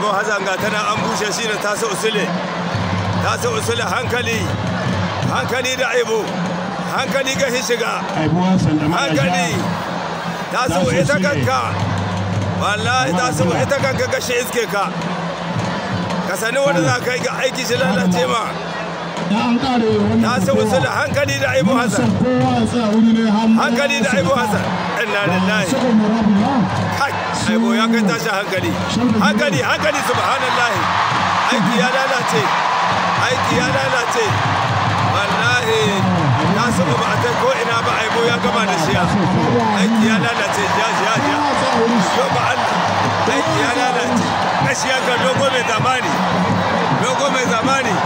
go hazanga tana an bushe shi da tasu usule ta tasu usule hankali hankali da aibu hankali ga shiga hankali ta tasu ita kanka wallahi ta tasu ita kanka ga shi iske ka ka sani wanda za ka yi ga aiki shi lalace ma ta tasu usule hankali da aibu hazan hankali da aibu hazan na lillahi kai aibo ya kai tashin hankali hankali hankali subhanallahi aiki ya lalace aiki ya lalace wallahi na saba ba ta ko ina ba aibo ya gama da shi aiki ya lalace ya ya ya yo ba Allah aiki ya lalace kashi ya ga dogo mai zamani dogo mai zamani